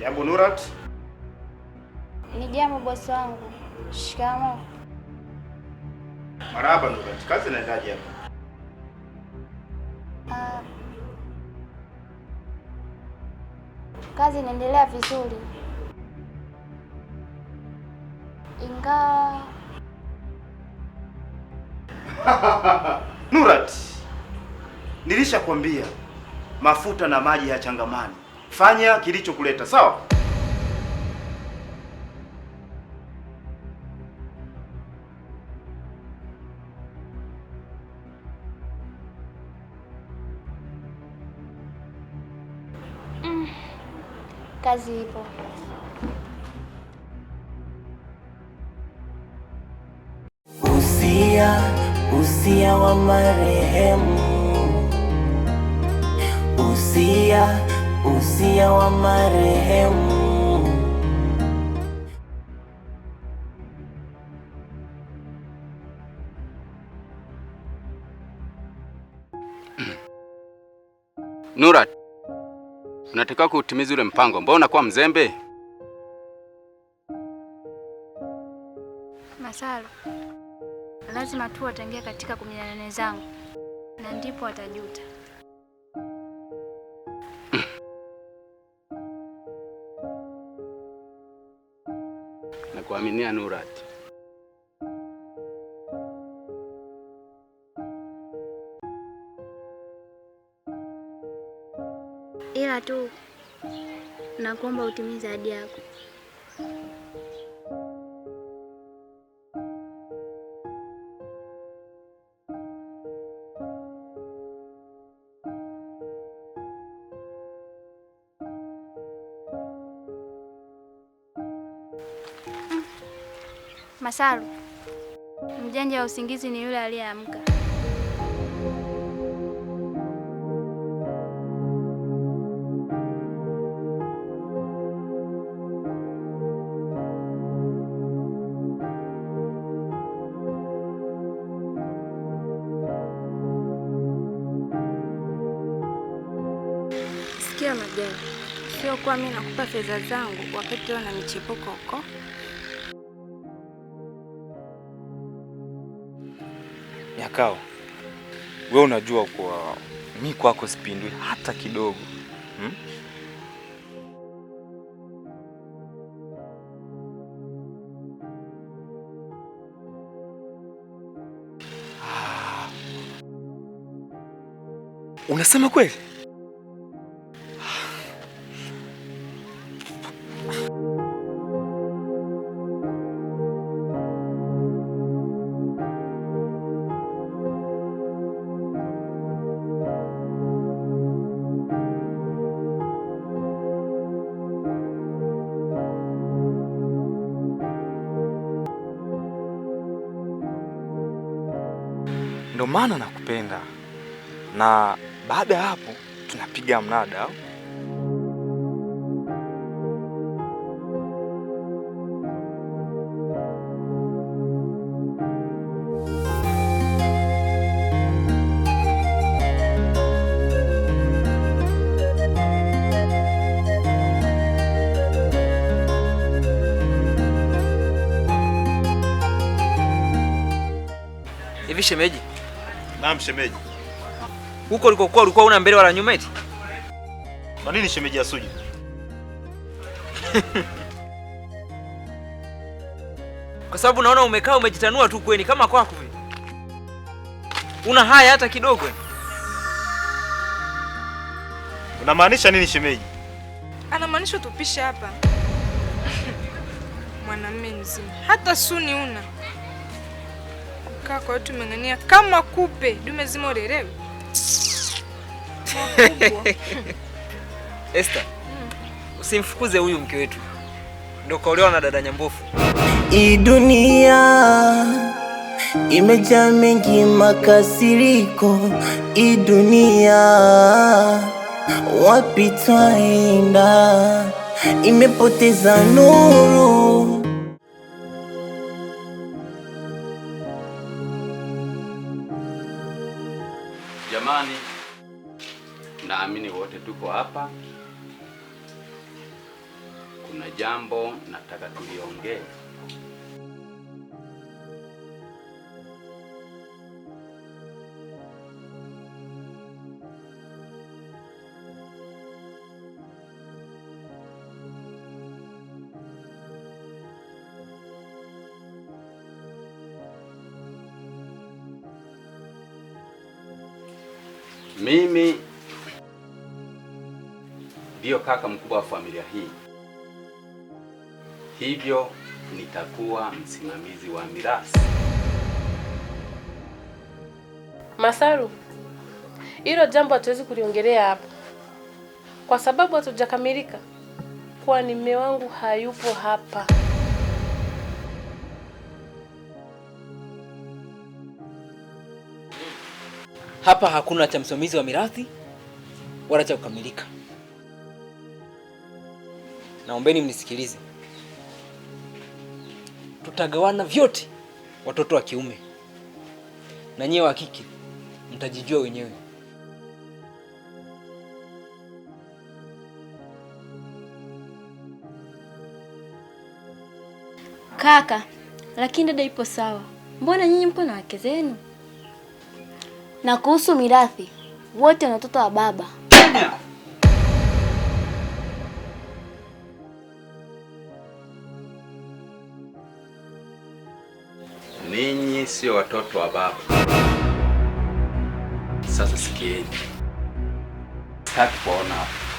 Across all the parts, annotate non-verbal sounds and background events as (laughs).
Jambo Nurat. Ni jambo bosi wangu. Shikamo. Marhaba Nurat, kazi inaendaje hapa? Ah. Kazi inaendelea vizuri ingawa (laughs) Nurat, nilishakwambia mafuta na maji ya changamani fanya kilichokuleta sawa. Mm, kazi ipo. Usia, usia wa marehemu usia usia wa marehemu. Nura, unatakiwa kuutimiza ule mpango ambao unakuwa mzembe. Masalo, lazima tu watangia katika kumi na nane zangu na ndipo watajuta. na kuaminia Nurat. Ila tu nakuomba utimize ahadi yako. Masaru, mjanja wa usingizi ni yule aliyeamka. Sikia Majani, sio kuwa mimi nakupa fedha zangu wakati wana michepuko huko kikao, Wewe unajua kuwa mi kwako sipindwi hata kidogo hmm? Ah. Unasema kweli? maana nakupenda. Na baada ya hapo tunapiga mnada. Hivi shemeji Naam shemeji. Huko ulikokuwa ulikuwa una mbele wala nyuma eti? Kwa nini shemeji asuje? (laughs) Kwa sababu naona umekaa umejitanua tu kweni kama kwako vile. Una haya hata kidogo. Unamaanisha nini shemeji? Anamaanisha tupishe hapa. (laughs) Mwanamume mzima. Hata suni una kaka kwa hiyo tumeng'ania kama kupe, dume zima urelewi. (laughs) Esther, hmm. Usimfukuze huyu mke wetu, ndo kaolewa na dada Nyambofu. Hii dunia imejaa mengi makasiriko, hii dunia wapi twaenda, imepoteza nuru naamini wote tuko hapa, kuna jambo nataka tuliongee. Mimi ndiyo kaka mkubwa wa familia hii, hivyo nitakuwa msimamizi wa mirasi. Masaru, hilo jambo hatuwezi kuliongelea hapa kwa sababu hatujakamilika, kwani mume wangu hayupo hapa. Hapa hakuna cha msimamizi wa mirathi wala cha kukamilika naombeni mnisikilize, tutagawana vyote, watoto wa kiume na nyewe wa kike mtajijua wenyewe. Kaka, lakini dada ipo sawa. Mbona nyinyi mko na wake zenu? Na kuhusu mirathi, wote ni watoto wa baba sio watoto wa baba. Sasa sikieni, sitaki kuwaona hapa.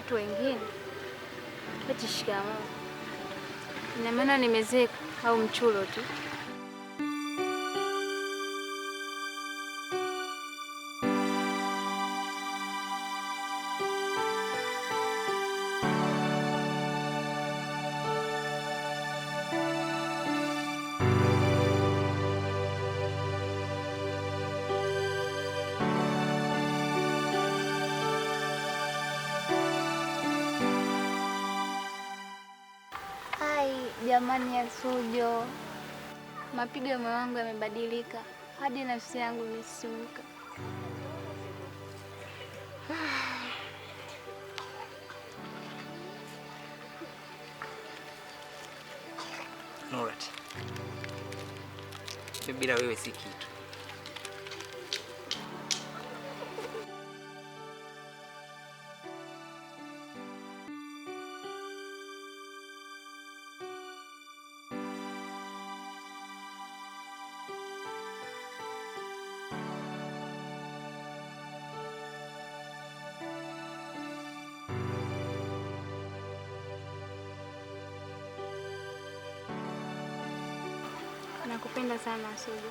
watu wengine. Eti shikamoo, ina maana nimezeka au mchulo tu? jamani ya Sujo, mapigo ya moyo wangu yamebadilika hadi nafsi yangu imesisimka. (sighs) Nurat, bila wewe si kitu. Nakupenda sana Sugu.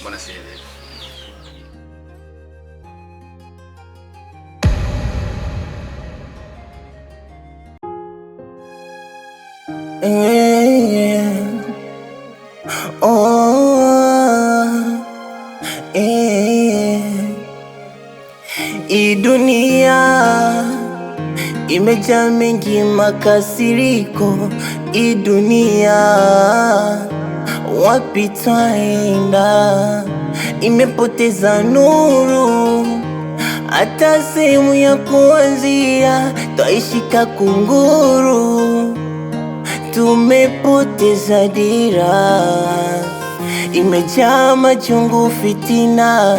Mbona sielewi? Idunia imejaa mengi makasiriko, idunia wapi twaenda, imepoteza nuru, hata sehemu ya kuanzia, twaishika kunguru, tumepoteza dira, imejaa machungu, fitina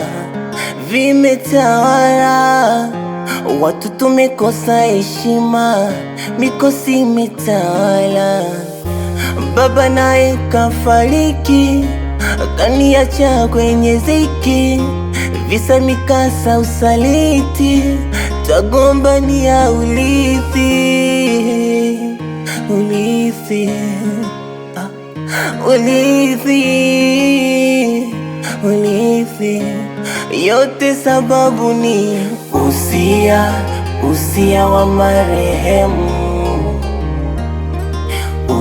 vimetawala watu, tumekosa heshima, mikosi imetawala baba naye kafariki, akaniacha kwenye ziki, visa mikasa, usaliti, twagombania urithi, urithi, ah, urithi, urithi, yote sababu ni usia, usia wa marehemu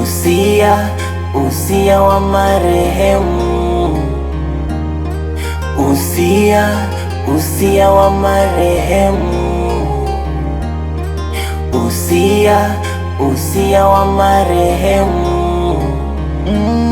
usia, usia wa marehemu, usia, usia wa marehemu, usia, usia wa marehemu mm.